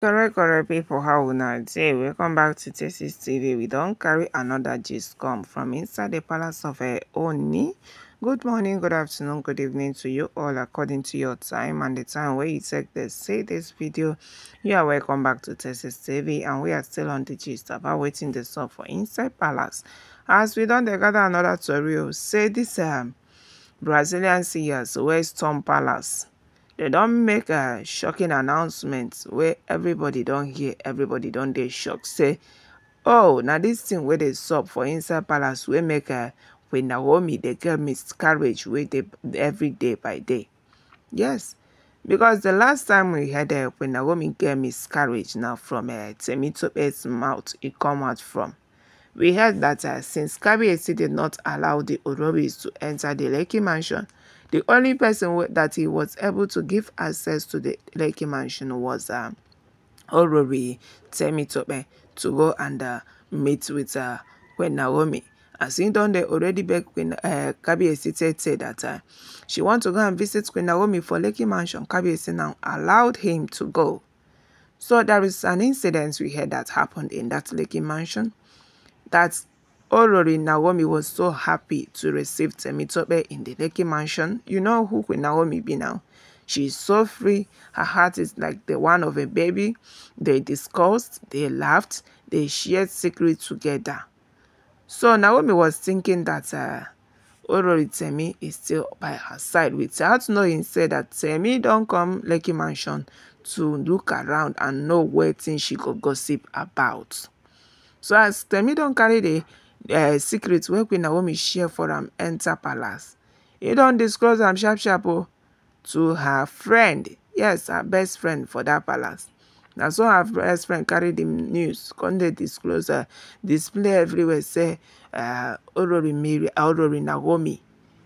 correct correct people. how now? dey welcome back to texas tv we don't carry another gist come from inside the palace of oni good morning good afternoon good evening to you all according to your time and the time where you take this. see this video you are welcome back to texas tv and we are still on the gist about waiting the sup for inside palace as we don't gather another tutorial. Oh, say this, um brazilian singers wey storm palace They don't make a shocking announcement where everybody don't hear everybody don't get shock say oh now this thing where they sub for inside palace we make a uh, queen naomi they get miscarriage wey dey every day by day yes because the last time we heard when uh, naomi get miscarriage now from uh, temitope's mouth It come out from we heard that since kabiyesi did not allow the orobis to enter the Lakey mansion the only person that he was able to give access to the Lekki mansion was uh, Orori Temitope to go and uh, meet with uh, Queen Naomi. As he done, they already beg Queen uh, Kabiesi said that uh, she want to go and visit Queen Naomi for Lekki mansion. Kabiesi now allowed him to go. So there is an incident we heard that happened in that Lekki mansion that Olori Naomi was so happy to receive Temitope in the Lekki mansion. You know who Queen Naomi be now. She is so free. Her heart is like the one of a baby. They discussed, they laughed, they shared secrets together. So Naomi was thinking that uh, Olori Temi is still by her side without knowing said that Temi don't come Lekki mansion to look around and know what wetin she could gossip about. So as Temi don't carry the uh, secret wey queen naomi share for am enter palace don't disclose am sharp sharp oh, to her friend yes her best friend for that palace Now so her best friend carry the news come they disclose display everywhere say uh, orori mary uh, orori naomi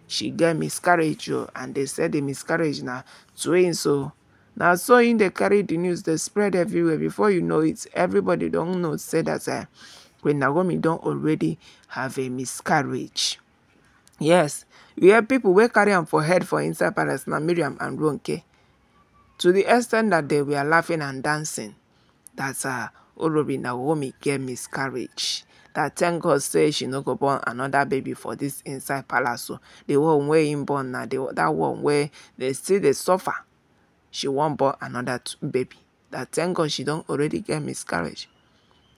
she get miscarriage o oh, and they say the miscarriage now twins oh. so. Now so in dey carry the news they spread everywhere before you know it everybody don't know say dat uh, When Naomi don already have a miscarriage. Yes, we have people wey carry am for head for inside palace now Miriam and Ronke. To the extent that they were laughing and dancing that uh, Olori Naomi get miscarriage. That thank God say she no go born another baby for this inside palace. So the one where im born now the that one where they see they suffer. She won't born another baby. That thank God she don't already get miscarriage.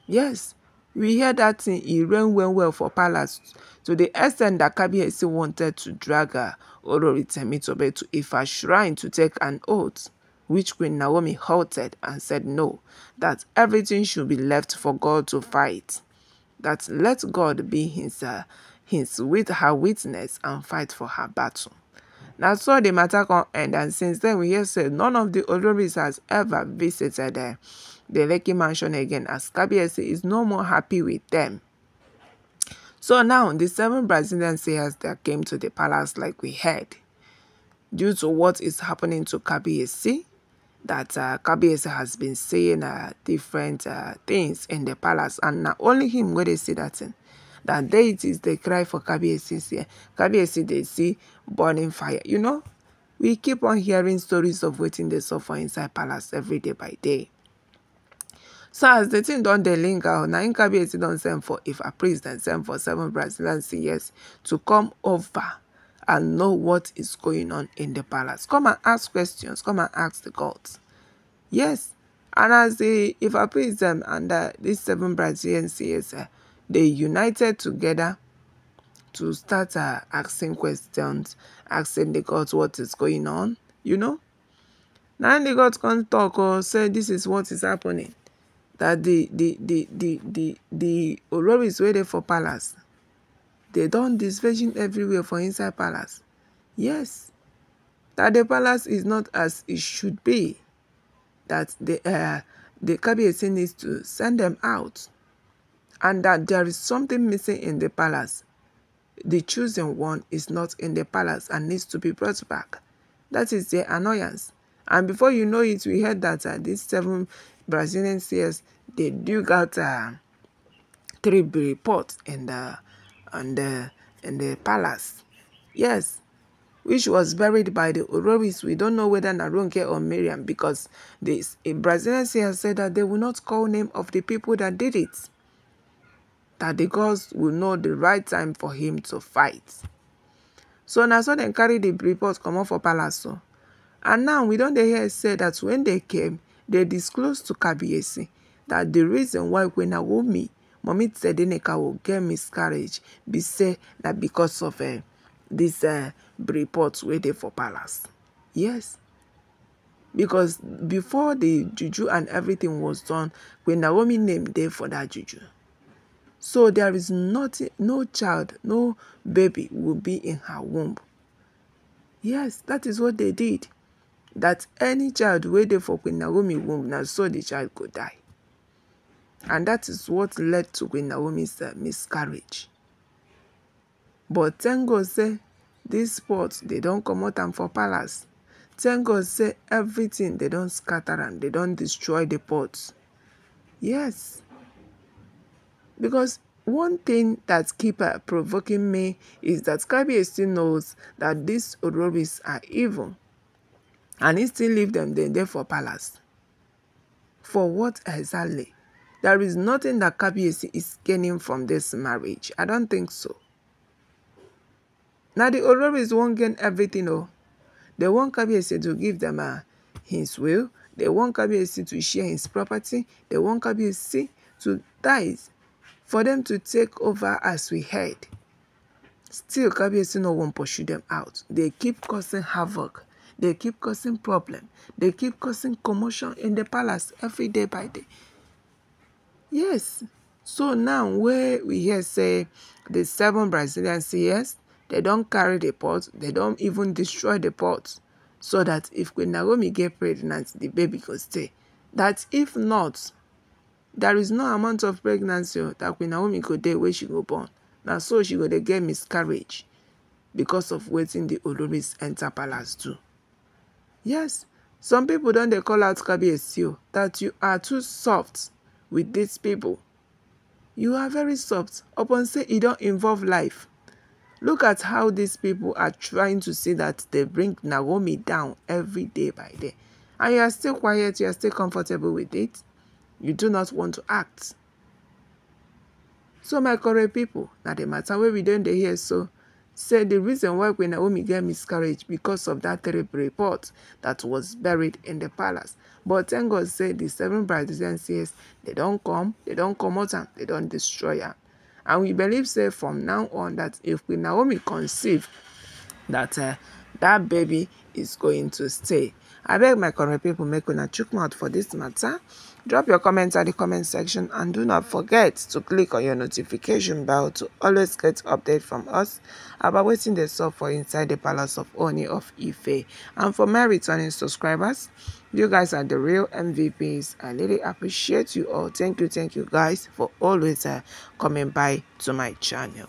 Yes, We hear dat thing e reign well well for palace to the ex ten t that Kabiyesi wanted to drag her Olori Temi to Ifa shrine to take an oath which Queen Naomi halted and said no, that everything should be left for God to fight, that let God be his, uh, his with her witness and fight for her battle. Na so the matter come end and since then we hear say none of the Oloris has ever visited her. Uh, the Lekki mansion again as Kabiesi is no more happy with them. So now, the seven Brazilian sayers that came to the palace like we heard, due to what is happening to Kabiesi, that uh, Kabiesi has been saying uh, different uh, things in the palace, and not only him where they see that thing. That deities they cry for Kabiesi's here. Kabiesi they see burning fire. You know, we keep on hearing stories of waiting they suffer inside palace every day by day so as the thing don dey linger na im don't send for if a priest dem send for seven brazilian cs to come over and know what is going on in the palace come and ask questions come and ask the gods yes and as the a priest them and uh, these seven brazilian cs uh, eh, they united together to start uh, asking questions asking the gods what is going on you know now the gods can talk or oh, say this is what is happening that the the the the the the oloris wey for palace They don't disvision everywhere for inside palace yes that the palace is not as it should be that the uh, the kabiyesi needs to send them out and that there is something missing in the palace the chosen one is not in the palace and needs to be brought back that is their annoyance and before you know it, we heard that uh, these seven Brazilian seers, they dug out uh, three reports in the, in, the, in the palace. Yes, which was buried by the Ororis. We don't know whether Narunke or Miriam because the Brazilian seer said that they will not call name of the people that did it. That the gods will know the right time for him to fight. So Naso then carried the report come off for palace. So. And now we don't hear say that when they came, they disclosed to Kabiesi that the reason why when Naomi, Mommy they will get miscarriage, be say that because of uh, this uh, report for palace. Yes. Because before the juju and everything was done, when Naomi named them for that juju. So there is not no child, no baby will be in her womb. Yes, that is what they did that any child wey dey for queen naomi womb na so the child go die and that is what led to queen naomi's uh, miscarriage but thank god say this pots they don comot am for palace thank god say everything they don scatter am they don destroy the pot yes because one thing that keep uh, provoking me is that still knows that these orobis are evil and he still leave them there, there for palace. For what exactly? There is nothing that Kabiesi is gaining from this marriage. I don't think so. Now the Ororis won't gain everything, oh. They want Kabiesi to give them uh, his will. They want Kabiesi to share his property. They want Kabiesi to die for them to take over as we heard. Still, Kabiesi no one pursue them out. They keep causing havoc They keep causing problem. They keep causing commotion in the palace every day by day. Yes. So now where we hear say the seven Brazilians say yes, they don't carry the pot, they don't even destroy the pot. So that if Queen Naomi get pregnant, the baby could stay. That if not, there is no amount of pregnancy that Queen Naomi go dey wey she go born. Na so she go dey get miscarriage because of wetin the Oloris enter palace do. Yes, some people don't. They call out Kabiyesi that you are too soft with these people. You are very soft upon say don't involve life. Look at how these people are trying to see that they bring Naomi down every day by day. And you are still quiet, you are still comfortable with it. You do not want to act. So my correct people, na the matter where we don't hear so, said the reason why Queen Naomi get miscarriage because of that terrible report that was buried in the palace. But thank God said the seven brides and says they don't come, they don't come out and they don't destroy her. And we believe say from now on that if Queen Naomi conceive that uh, that baby is going to stay. I beg my current people make una chook mouth for this matter. Drop your comments at the comment section and do not forget to click on your notification bell to always get update from us about what's in the software inside the palace of Oni of Ife. And for my returning subscribers, you guys are the real MVPs. I really appreciate you all. Thank you, thank you guys for always uh, coming by to my channel.